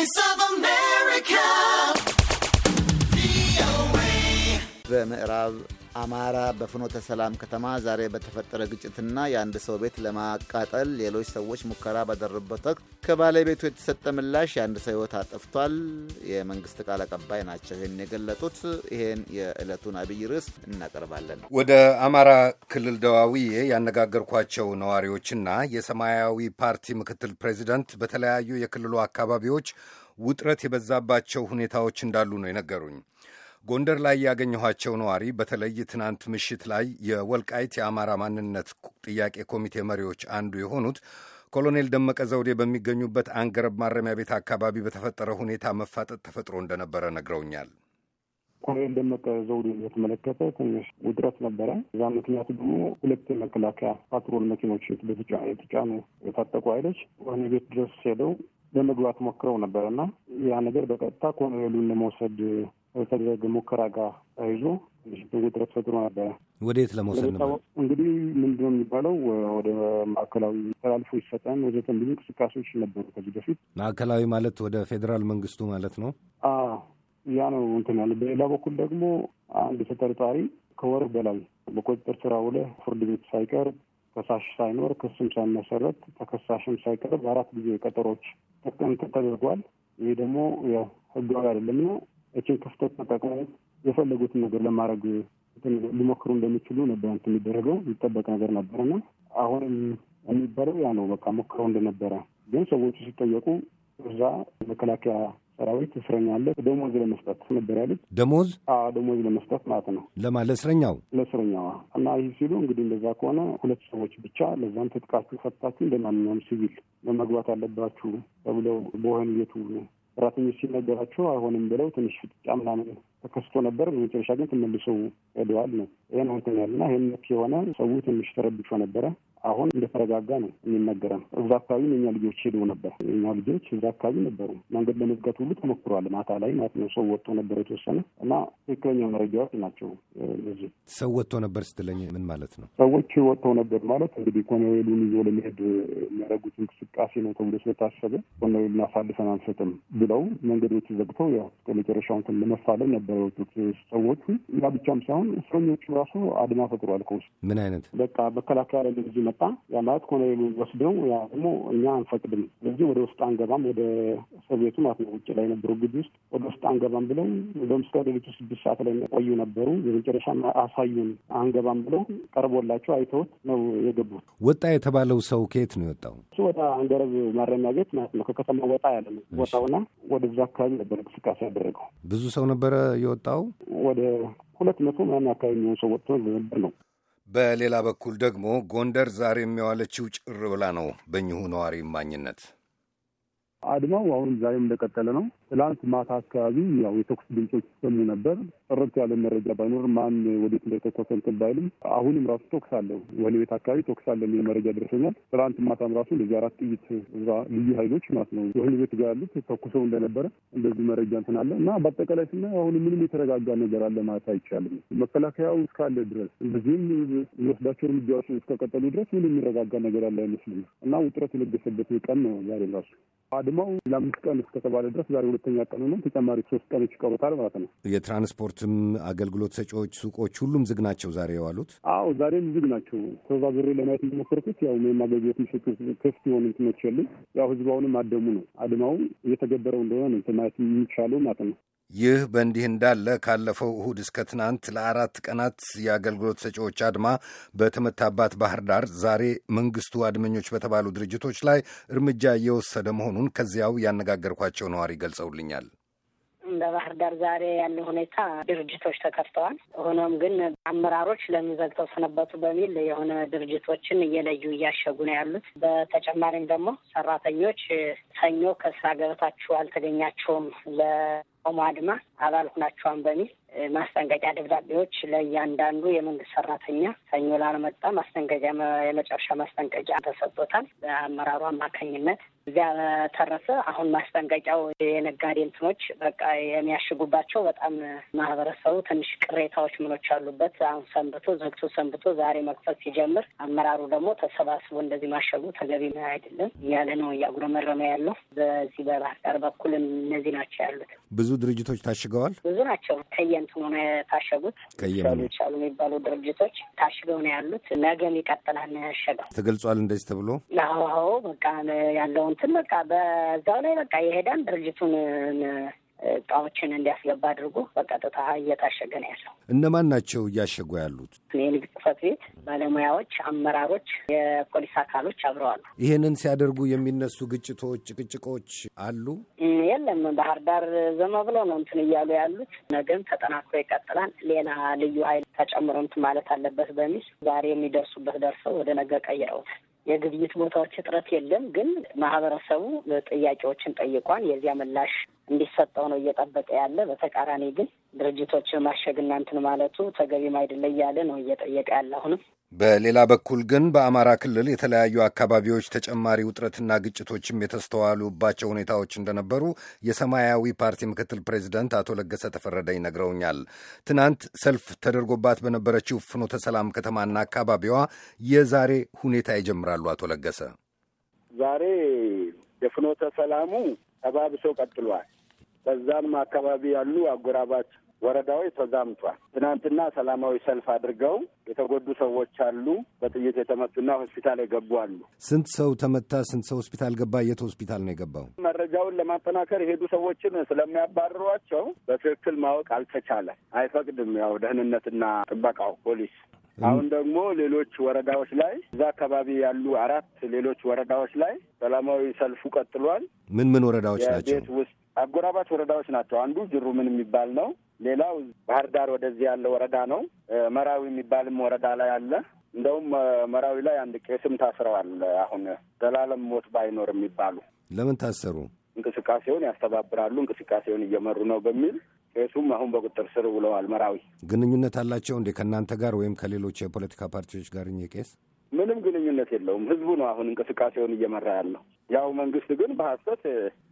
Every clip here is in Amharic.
Voice of America. ምዕራብ አማራ በፍኖተ ሰላም ከተማ ዛሬ በተፈጠረ ግጭትና የአንድ ሰው ቤት ለማቃጠል ሌሎች ሰዎች ሙከራ ባደረበት ወቅት ከባለቤቱ የተሰጠ ምላሽ የአንድ ሰው ሕይወት አጥፍቷል። የመንግስት ቃል አቀባይ ናቸው ይህን የገለጡት። ይህን የዕለቱን አብይ ርዕስ እናቀርባለን። ወደ አማራ ክልል ደዋዊዬ ያነጋገርኳቸው ነዋሪዎችና የሰማያዊ ፓርቲ ምክትል ፕሬዚደንት በተለያዩ የክልሉ አካባቢዎች ውጥረት የበዛባቸው ሁኔታዎች እንዳሉ ነው የነገሩኝ። ጎንደር ላይ ያገኘኋቸው ነዋሪ በተለይ ትናንት ምሽት ላይ የወልቃይት የአማራ ማንነት ጥያቄ ኮሚቴ መሪዎች አንዱ የሆኑት ኮሎኔል ደመቀ ዘውዴ በሚገኙበት አንገረብ ማረሚያ ቤት አካባቢ በተፈጠረ ሁኔታ መፋጠጥ ተፈጥሮ እንደነበረ ነግረውኛል። ኮሎኔል ደመቀ ዘውዴ የተመለከተ ትንሽ ውጥረት ነበረ። እዛ ምክንያቱ ደግሞ ሁለት የመከላከያ ፓትሮል መኪኖች የተጫኑ የታጠቁ ኃይሎች ወህኒ ቤት ድረስ ሄደው ለመግባት ሞክረው እና ያ ነገር በቀጥታ ኮሎኔሉን ለመውሰድ ከተደረገ ሙከራ ጋር ተያይዞ ትንሽ ውጥረት ፈጥሮ ነበረ። ወዴት ለመውሰድ ነው እንግዲህ ምንድነው የሚባለው ወደ ማዕከላዊ ተላልፎ ይሰጠን ወዘተ ብዙ እንቅስቃሴዎች ነበሩ ከዚህ በፊት። ማዕከላዊ ማለት ወደ ፌዴራል መንግስቱ ማለት ነው። ያ ነው እንትን ያለ። በሌላ በኩል ደግሞ አንድ ተጠርጣሪ ከወር በላይ በቁጥጥር ስር ውሎ ፍርድ ቤት ሳይቀርብ ከሳሽ ሳይኖር ክስም ሳይመሰረት ተከሳሽም ሳይቀርብ አራት ጊዜ ቀጠሮች ተጠንቅ ተደርጓል። ይህ ደግሞ ያው ህጋዊ አይደለም ነው እችን ክፍተት ተጠቅመው የፈለጉትን ነገር ለማድረግ ሊሞክሩ እንደሚችሉ ነበር እንትን የሚደረገው የሚጠበቅ ነገር ነበር እና አሁንም የሚባለው ያ ነው። በቃ ሞክረው እንደነበረ ግን ሰዎቹ ሲጠየቁ እዛ መከላከያ ሰራዊት እስረኛ አለ ደሞዝ ለመስጠት ነበር ያሉት። ደሞዝ ደሞዝ ለመስጠት ማለት ነው። ለማ ለእስረኛው ለእስረኛዋ እና ይህ ሲሉ እንግዲህ እንደዛ ከሆነ ሁለት ሰዎች ብቻ ለዛም ትጥቃችሁ ፈታችሁ እንደማንኛውም ሲቪል ለመግባት አለባችሁ ተብለው በወህኒ ቤቱ ሰራተኞች ሲነገራቸው አይሆንም ብለው ትንሽ ፍጥጫ ምናምን ተከስቶ ነበር። በመጨረሻ ግን ተመልሰው ሄደዋል ነው ይህ ነው ያል ና ይህን ነክ የሆነ ሰው ትንሽ ተረብሾ ነበረ። አሁን እንደተረጋጋ ነው የሚነገረን። እዛ አካባቢም የኛ ልጆች ሄደው ነበር። የኛ ልጆች እዛ አካባቢ ነበሩ። መንገድ ለመዝጋት ሁሉ ተሞክሯል። ማታ ላይ ማለት ነው። ሰው ወጥቶ ነበር የተወሰነ እና ትክክለኛ መረጃዎች ናቸው እነዚህ። ሰው ወጥቶ ነበር ስትለኝ ምን ማለት ነው? ሰዎች ወጥተው ነበር ማለት እንግዲህ ኮሎኔሉን ይዞ ለመሄድ የሚያደርጉት እንቅስቃሴ ነው ተብሎ ስለታሰበ ኮሎኔሉን አሳልፈን አንሰጥም ብለው መንገዶች ዘግተው ያው እስከ መጨረሻውን ለመፋለም ነበር የነበሩት ሰዎቹ እዛ ብቻም ሳይሆን እስረኞቹ ራሱ አድማ ፈጥሯል። ከውስጥ ምን አይነት በቃ መከላከያ ላይ ጊዜ መጣ። ያ ማለት ኮሎኔል ወስደው ያ ደግሞ እኛ አንፈቅድም፣ ስለዚህ ወደ ውስጥ አንገባም፣ ወደ እስር ቤቱ ማለት ነው ውጭ ላይ ነበሩ ግቢ ውስጥ ወደ ውስጥ አንገባም ብለው በምስከ ሌሊቱ ስድስት ሰዓት ላይ ቆዩ ነበሩ። የመጨረሻ አሳዩን አንገባም ብለው ቀርቦላቸው አይተውት ነው የገቡት። ወጣ የተባለው ሰው ከየት ነው የወጣው? እሱ ወደ አንገረብ ማረሚያ ቤት ማለት ነው ከከተማ ወጣ ያለ ነው ቦታውና ወደዛ አካባቢ ነበር እንቅስቃሴ ያደረገው። ብዙ ሰው ነበረ የወጣው ወደ ሁለት መቶ ምናምን አካባቢ የሚሆን ሰው ወጥቶ ነበር ነው። በሌላ በኩል ደግሞ ጎንደር ዛሬ የሚዋለችው ጭር ብላ ነው። በእኚሁ ነዋሪ ማኝነት አድማው አሁንም ዛሬም እንደቀጠለ ነው። ትላንት ማታ አካባቢ ያው የተኩስ ድምጾች ሰሙ ነበር። ጥርት ያለ መረጃ ባይኖር ማን ወዴት እንደተኮሰ እንትን ባይልም አሁንም ራሱ ቶክስ አለው ወህኒ ቤት አካባቢ ቶክስ አለ የሚል መረጃ ደርሶኛል። ትናንት ማታም ራሱ እንደዚህ አራት ጥይት እዛ ልዩ ኃይሎች ማለት ነው ወህኒ ቤት ጋር ያሉት ተኩሰው እንደነበረ እንደዚህ መረጃ እንትን አለ እና በአጠቃላይ ስና አሁን ምንም የተረጋጋ ነገር አለ ማለት አይቻልም። መከላከያው እስካለ ድረስ እንደዚህም የሚወስዳቸው እርምጃዎች እስከቀጠሉ ድረስ ምንም የሚረጋጋ ነገር አለ አይመስልም እና ውጥረት የለገሰበት ቀን ነው ዛሬ ራሱ አድማው ለአምስት ቀን እስከተባለ ድረስ ዛሬ ሁለተኛ ቀን ነው። ተጨማሪ ሶስት ቀኖች ይቀሩታል ማለት ነው የትራንስፖርት ትራንስፖርትም፣ አገልግሎት ሰጪዎች፣ ሱቆች ሁሉም ዝግ ናቸው ዛሬ የዋሉት? አዎ ዛሬም ዝግ ናቸው። ተዛዝሬ ለማየት እንደሞከርኩት ያው እኔም አገልግሎት የሚሰጡ ክፍት የሆኑ እንትኖች የሉም። ያው ህዝቡ አሁንም አደሙ ነው። አድማው እየተገበረው እንደሆነ ነው ማየት የሚቻለው ማለት ነው። ይህ በእንዲህ እንዳለ ካለፈው እሁድ እስከ ትናንት ለአራት ቀናት የአገልግሎት ሰጪዎች አድማ በተመታባት ባህር ዳር ዛሬ መንግስቱ አድመኞች በተባሉ ድርጅቶች ላይ እርምጃ እየወሰደ መሆኑን ከዚያው ያነጋገርኳቸው ነዋሪ ገልጸውልኛል። በባህር ዳር ዛሬ ያለ ሁኔታ ድርጅቶች ተከፍተዋል። ሆኖም ግን አመራሮች ለምን ዘግተው ሰነበቱ በሚል የሆነ ድርጅቶችን እየለዩ እያሸጉ ነው ያሉት። በተጨማሪም ደግሞ ሰራተኞች ሰኞ ከስራ ገበታችሁ አልተገኛችሁም ለቆሞ አድማ አባል ሁናችኋን በሚል ማስጠንቀቂያ ደብዳቤዎች ለእያንዳንዱ የመንግስት ሰራተኛ ሰኞ ላልመጣ ማስጠንቀቂያ የመጨረሻ ማስጠንቀቂያ ተሰጥቶታል በአመራሩ አማካኝነት እዚያ በተረፈ አሁን ማስጠንቀቂያው የነጋዴ እንትኖች በቃ የሚያሽጉባቸው በጣም ማህበረሰቡ ትንሽ ቅሬታዎች ምኖች አሉበት። አሁን ሰንብቶ ዘግቶ ሰንብቶ ዛሬ መክፈት ሲጀምር አመራሩ ደግሞ ተሰባስቦ እንደዚህ ማሸጉ ተገቢ አይደለም እያለ ነው እያጉረመረመ ያለው። በዚህ በባህር ዳር በኩል እነዚህ ናቸው ያሉት። ብዙ ድርጅቶች ታሽገዋል። ብዙ ናቸው ከየእንትኑ ነው የታሸጉት። ከየሉቻሉ የሚባሉ ድርጅቶች ታሽገው ነው ያሉት። ነገም ይቀጥላል ነው ያሸገው። ተገልጿል እንደዚህ ተብሎ አዎ፣ በቃ ያለውን እንትን በቃ በዛው ላይ በቃ የሄዳን ድርጅቱን እቃዎችን እንዲያስገባ አድርጎ በቀጥታ እየታሸገ ነው ያለው። እነማን ናቸው እያሸጉ ያሉት? የንግድ ጽሕፈት ቤት ባለሙያዎች፣ አመራሮች፣ የፖሊስ አካሎች አብረዋሉ። ይህንን ሲያደርጉ የሚነሱ ግጭቶች፣ ጭቅጭቆች አሉ? የለም። ባህር ዳር ዝም ብሎ ነው እንትን እያሉ ያሉት። ነገም ተጠናክሮ ይቀጥላል። ሌላ ልዩ ኃይል ተጨምሮ እንትን ማለት አለበት በሚል ዛሬ የሚደርሱበት ደርሰው ወደ ነገ ቀይረውታል። የግብይት ቦታዎች እጥረት የለም። ግን ማህበረሰቡ ጥያቄዎችን ጠይቋል። የዚያ ምላሽ እንዲሰጠው ነው እየጠበቀ ያለ። በተቃራኒ ግን ድርጅቶችን ማሸግ እናንትን ማለቱ ተገቢም አይደለ እያለ ነው እየጠየቀ ያለ አሁንም በሌላ በኩል ግን በአማራ ክልል የተለያዩ አካባቢዎች ተጨማሪ ውጥረትና ግጭቶችም የተስተዋሉባቸው ሁኔታዎች እንደነበሩ የሰማያዊ ፓርቲ ምክትል ፕሬዚደንት አቶ ለገሰ ተፈረደ ይነግረውኛል። ትናንት ሰልፍ ተደርጎባት በነበረችው ፍኖተ ሰላም ከተማና አካባቢዋ የዛሬ ሁኔታ ይጀምራሉ። አቶ ለገሰ ዛሬ የፍኖተ ሰላሙ ተባብሶ ቀጥሏል። በዛም አካባቢ ያሉ አጎራባች ወረዳዎች ተዛምቷል። ትናንትና ሰላማዊ ሰልፍ አድርገው የተጎዱ ሰዎች አሉ። በጥይት የተመቱና ሆስፒታል የገቡ አሉ። ስንት ሰው ተመታ? ስንት ሰው ሆስፒታል ገባ? የት ሆስፒታል ነው የገባው? መረጃውን ለማጠናከር የሄዱ ሰዎችን ስለሚያባርሯቸው በትክክል ማወቅ አልተቻለ። አይፈቅድም ያው ደህንነትና ጥበቃው ፖሊስ። አሁን ደግሞ ሌሎች ወረዳዎች ላይ እዛ አካባቢ ያሉ አራት ሌሎች ወረዳዎች ላይ ሰላማዊ ሰልፉ ቀጥሏል። ምን ምን ወረዳዎች ናቸው? ቤት ውስጥ አጎራባች ወረዳዎች ናቸው። አንዱ ጅሩ ምን የሚባል ነው። ሌላው ባህር ዳር ወደዚህ ያለ ወረዳ ነው። መራዊ የሚባልም ወረዳ ላይ አለ። እንደውም መራዊ ላይ አንድ ቄስም ታስረዋል። አሁን ዘላለም ሞት ባይኖር የሚባሉ ለምን ታሰሩ? እንቅስቃሴውን ያስተባብራሉ፣ እንቅስቃሴውን እየመሩ ነው በሚል ቄሱም አሁን በቁጥር ስር ውለዋል። መራዊ ግንኙነት አላቸው እንዴ ከእናንተ ጋር ወይም ከሌሎች የፖለቲካ ፓርቲዎች ጋር ቄስ ምንም ግን ግንኙነት የለውም። ህዝቡ ነው አሁን እንቅስቃሴውን እየመራ ያለው። ያው መንግስት ግን በሀሰት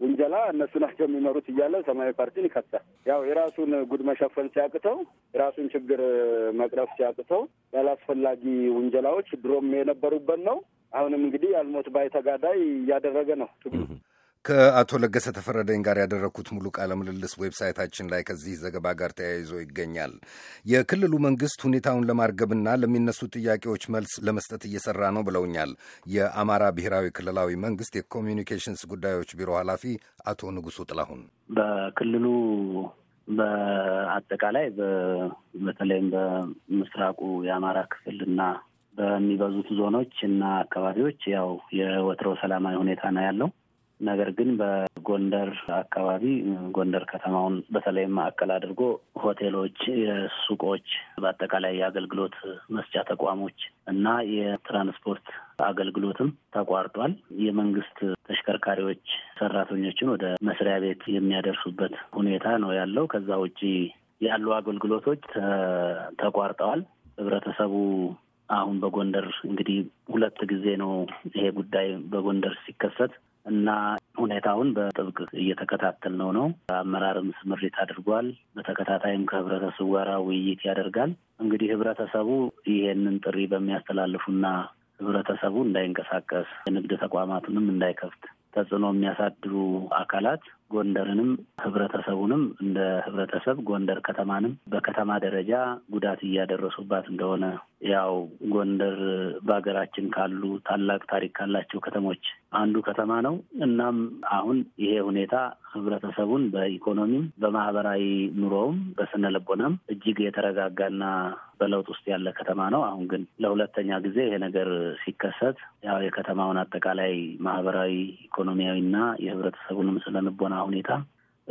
ውንጀላ እነሱ ናቸው የሚመሩት እያለ ሰማያዊ ፓርቲን ይከሳል። ያው የራሱን ጉድ መሸፈን ሲያቅተው፣ የራሱን ችግር መቅረፍ ሲያቅተው ያላስፈላጊ ውንጀላዎች ድሮም የነበሩበት ነው። አሁንም እንግዲህ ያልሞት ባይ ተጋዳይ እያደረገ ነው። ከአቶ ለገሰ ተፈረደኝ ጋር ያደረግኩት ሙሉ ቃለ ምልልስ ዌብሳይታችን ላይ ከዚህ ዘገባ ጋር ተያይዞ ይገኛል። የክልሉ መንግስት ሁኔታውን ለማርገብና ለሚነሱ ጥያቄዎች መልስ ለመስጠት እየሰራ ነው ብለውኛል የአማራ ብሔራዊ ክልላዊ መንግስት የኮሚኒኬሽንስ ጉዳዮች ቢሮ ኃላፊ አቶ ንጉሱ ጥላሁን በክልሉ በአጠቃላይ በተለይም በምስራቁ የአማራ ክፍል በሚበዙት ዞኖች እና አካባቢዎች ያው የወትሮ ሰላማዊ ሁኔታ ነው ያለው። ነገር ግን በጎንደር አካባቢ ጎንደር ከተማውን በተለይ ማዕከል አድርጎ ሆቴሎች፣ የሱቆች፣ በአጠቃላይ የአገልግሎት መስጫ ተቋሞች እና የትራንስፖርት አገልግሎትም ተቋርጧል። የመንግስት ተሽከርካሪዎች ሰራተኞችን ወደ መስሪያ ቤት የሚያደርሱበት ሁኔታ ነው ያለው። ከዛ ውጪ ያሉ አገልግሎቶች ተቋርጠዋል። ህብረተሰቡ አሁን በጎንደር እንግዲህ ሁለት ጊዜ ነው ይሄ ጉዳይ በጎንደር ሲከሰት እና ሁኔታውን በጥብቅ እየተከታተልነው ነው። አመራርም ስምሪት አድርጓል። በተከታታይም ከህብረተሰቡ ጋር ውይይት ያደርጋል። እንግዲህ ህብረተሰቡ ይሄንን ጥሪ በሚያስተላልፉና ህብረተሰቡ እንዳይንቀሳቀስ፣ የንግድ ተቋማቱንም እንዳይከፍት ተጽዕኖ የሚያሳድሩ አካላት ጎንደርንም ህብረተሰቡንም እንደ ህብረተሰብ ጎንደር ከተማንም በከተማ ደረጃ ጉዳት እያደረሱባት እንደሆነ ያው ጎንደር በሀገራችን ካሉ ታላቅ ታሪክ ካላቸው ከተሞች አንዱ ከተማ ነው። እናም አሁን ይሄ ሁኔታ ህብረተሰቡን በኢኮኖሚም በማህበራዊ ኑሮውም በስነ ልቦናም እጅግ የተረጋጋና በለውጥ ውስጥ ያለ ከተማ ነው። አሁን ግን ለሁለተኛ ጊዜ ይሄ ነገር ሲከሰት ያው የከተማውን አጠቃላይ ማህበራዊ ኢኮኖሚያዊና የህብረተሰቡንም ስነ ልቦና ሁኔታ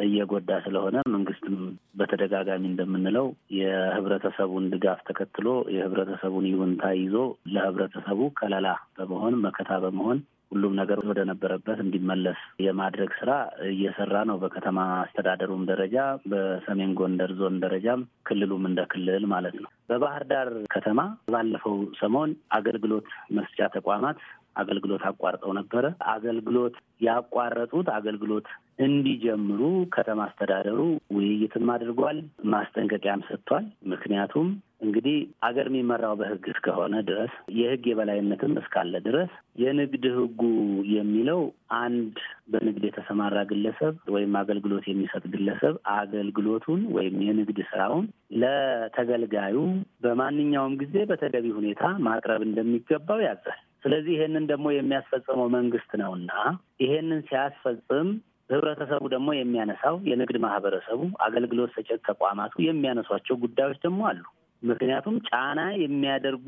እየጎዳ ስለሆነ መንግስትም በተደጋጋሚ እንደምንለው የህብረተሰቡን ድጋፍ ተከትሎ የህብረተሰቡን ይሁንታ ይዞ ለህብረተሰቡ ከለላ በመሆን መከታ በመሆን ሁሉም ነገር ወደ ነበረበት እንዲመለስ የማድረግ ስራ እየሰራ ነው። በከተማ አስተዳደሩም ደረጃ በሰሜን ጎንደር ዞን ደረጃም ክልሉም እንደ ክልል ማለት ነው። በባህር ዳር ከተማ ባለፈው ሰሞን አገልግሎት መስጫ ተቋማት አገልግሎት አቋርጠው ነበረ። አገልግሎት ያቋረጡት አገልግሎት እንዲጀምሩ ከተማ አስተዳደሩ ውይይትም አድርጓል፣ ማስጠንቀቂያም ሰጥቷል። ምክንያቱም እንግዲህ አገር የሚመራው በሕግ እስከሆነ ድረስ የሕግ የበላይነትም እስካለ ድረስ የንግድ ሕጉ የሚለው አንድ በንግድ የተሰማራ ግለሰብ ወይም አገልግሎት የሚሰጥ ግለሰብ አገልግሎቱን ወይም የንግድ ስራውን ለተገልጋዩ በማንኛውም ጊዜ በተገቢ ሁኔታ ማቅረብ እንደሚገባው ያዛል። ስለዚህ ይሄንን ደግሞ የሚያስፈጽመው መንግስት ነውና ይሄንን ሲያስፈጽም ህብረተሰቡ ደግሞ የሚያነሳው የንግድ ማህበረሰቡ፣ አገልግሎት ሰጪ ተቋማቱ የሚያነሷቸው ጉዳዮች ደግሞ አሉ። ምክንያቱም ጫና የሚያደርጉ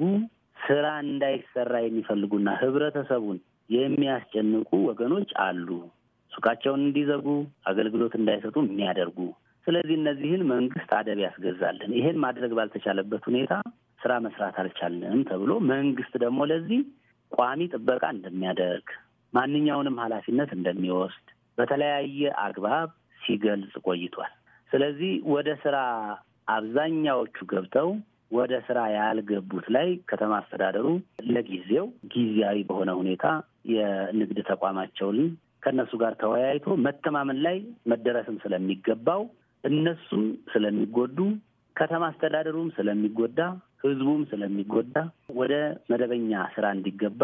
ስራ እንዳይሰራ የሚፈልጉና ህብረተሰቡን የሚያስጨንቁ ወገኖች አሉ። ሱቃቸውን እንዲዘጉ አገልግሎት እንዳይሰጡ የሚያደርጉ። ስለዚህ እነዚህን መንግስት አደብ ያስገዛልን። ይሄን ማድረግ ባልተቻለበት ሁኔታ ስራ መስራት አልቻልንም ተብሎ መንግስት ደግሞ ለዚህ ቋሚ ጥበቃ እንደሚያደርግ ማንኛውንም ኃላፊነት እንደሚወስድ በተለያየ አግባብ ሲገልጽ ቆይቷል። ስለዚህ ወደ ስራ አብዛኛዎቹ ገብተው ወደ ስራ ያልገቡት ላይ ከተማ አስተዳደሩ ለጊዜው ጊዜያዊ በሆነ ሁኔታ የንግድ ተቋማቸውን ከእነሱ ጋር ተወያይቶ መተማመን ላይ መደረስም ስለሚገባው እነሱም ስለሚጎዱ ከተማ አስተዳደሩም ስለሚጎዳ ህዝቡም ስለሚጎዳ ወደ መደበኛ ስራ እንዲገባ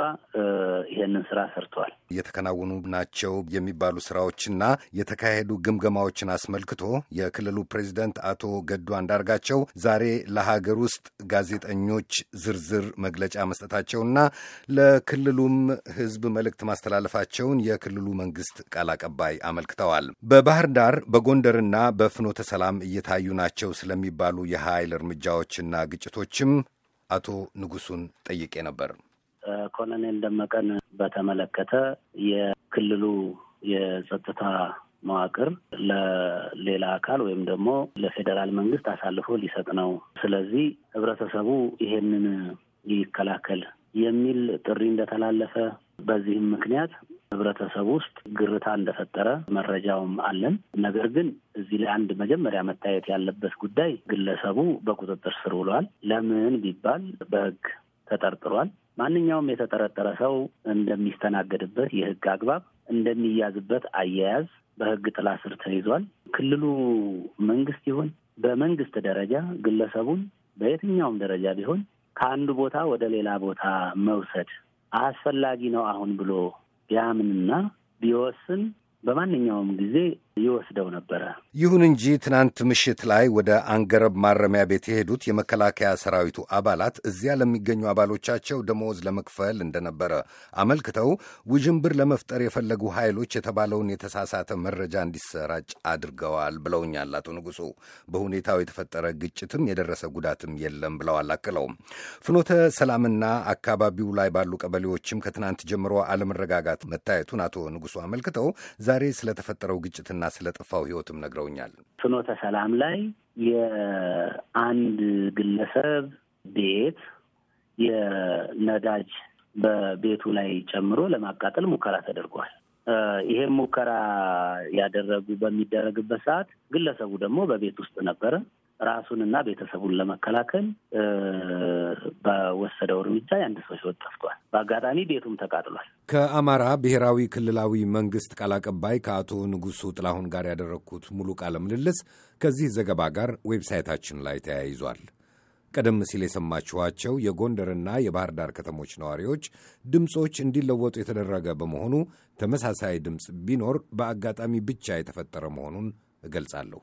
ይሄንን ስራ ሰርተዋል። እየተከናወኑ ናቸው የሚባሉ ስራዎችና የተካሄዱ ግምገማዎችን አስመልክቶ የክልሉ ፕሬዚደንት አቶ ገዱ አንዳርጋቸው ዛሬ ለሀገር ውስጥ ጋዜጠኞች ዝርዝር መግለጫ መስጠታቸውና ለክልሉም ህዝብ መልእክት ማስተላለፋቸውን የክልሉ መንግስት ቃል አቀባይ አመልክተዋል። በባህር ዳር በጎንደርና በፍኖተ ሰላም እየታዩ ናቸው ስለሚባሉ የኃይል እርምጃዎችና ግጭቶች ሌሎችም አቶ ንጉሱን ጠይቄ ነበር። ኮሎኔል ደመቀን በተመለከተ የክልሉ የጸጥታ መዋቅር ለሌላ አካል ወይም ደግሞ ለፌዴራል መንግስት አሳልፎ ሊሰጥ ነው። ስለዚህ ህብረተሰቡ ይሄንን ይከላከል የሚል ጥሪ እንደተላለፈ በዚህም ምክንያት ህብረተሰብ ውስጥ ግርታ እንደፈጠረ መረጃውም አለን። ነገር ግን እዚህ ላይ አንድ መጀመሪያ መታየት ያለበት ጉዳይ ግለሰቡ በቁጥጥር ስር ውሏል። ለምን ቢባል በህግ ተጠርጥሯል። ማንኛውም የተጠረጠረ ሰው እንደሚስተናገድበት የህግ አግባብ እንደሚያዝበት አያያዝ በህግ ጥላ ስር ተይዟል። ክልሉ መንግስት ይሁን በመንግስት ደረጃ ግለሰቡን በየትኛውም ደረጃ ቢሆን ከአንዱ ቦታ ወደ ሌላ ቦታ መውሰድ አስፈላጊ ነው አሁን ብሎ ቢያምንና ቢወስን በማንኛውም ጊዜ ይወስደው ነበረ። ይሁን እንጂ ትናንት ምሽት ላይ ወደ አንገረብ ማረሚያ ቤት የሄዱት የመከላከያ ሰራዊቱ አባላት እዚያ ለሚገኙ አባሎቻቸው ደመወዝ ለመክፈል እንደነበረ አመልክተው ውዥንብር ለመፍጠር የፈለጉ ኃይሎች የተባለውን የተሳሳተ መረጃ እንዲሰራጭ አድርገዋል ብለውኛል አቶ ንጉሱ። በሁኔታው የተፈጠረ ግጭትም የደረሰ ጉዳትም የለም ብለዋል። አክለውም ፍኖተ ሰላምና አካባቢው ላይ ባሉ ቀበሌዎችም ከትናንት ጀምሮ አለመረጋጋት መታየቱን አቶ ንጉሱ አመልክተው ዛሬ ስለተፈጠረው ግጭትና እና ስለ ጠፋው ህይወትም ነግረውኛል። ፍኖተ ሰላም ላይ የአንድ ግለሰብ ቤት የነዳጅ በቤቱ ላይ ጨምሮ ለማቃጠል ሙከራ ተደርጓል። ይሄም ሙከራ ያደረጉ በሚደረግበት ሰዓት ግለሰቡ ደግሞ በቤት ውስጥ ነበረ። ራሱንና ቤተሰቡን ለመከላከል በወሰደው እርምጃ የአንድ ሰው ህይወት ጠፍቷል። በአጋጣሚ ቤቱም ተቃጥሏል። ከአማራ ብሔራዊ ክልላዊ መንግስት ቃል አቀባይ ከአቶ ንጉሱ ጥላሁን ጋር ያደረግኩት ሙሉ ቃለ ምልልስ ከዚህ ዘገባ ጋር ዌብሳይታችን ላይ ተያይዟል። ቀደም ሲል የሰማችኋቸው የጎንደርና የባህር ዳር ከተሞች ነዋሪዎች ድምፆች እንዲለወጡ የተደረገ በመሆኑ ተመሳሳይ ድምፅ ቢኖር በአጋጣሚ ብቻ የተፈጠረ መሆኑን እገልጻለሁ።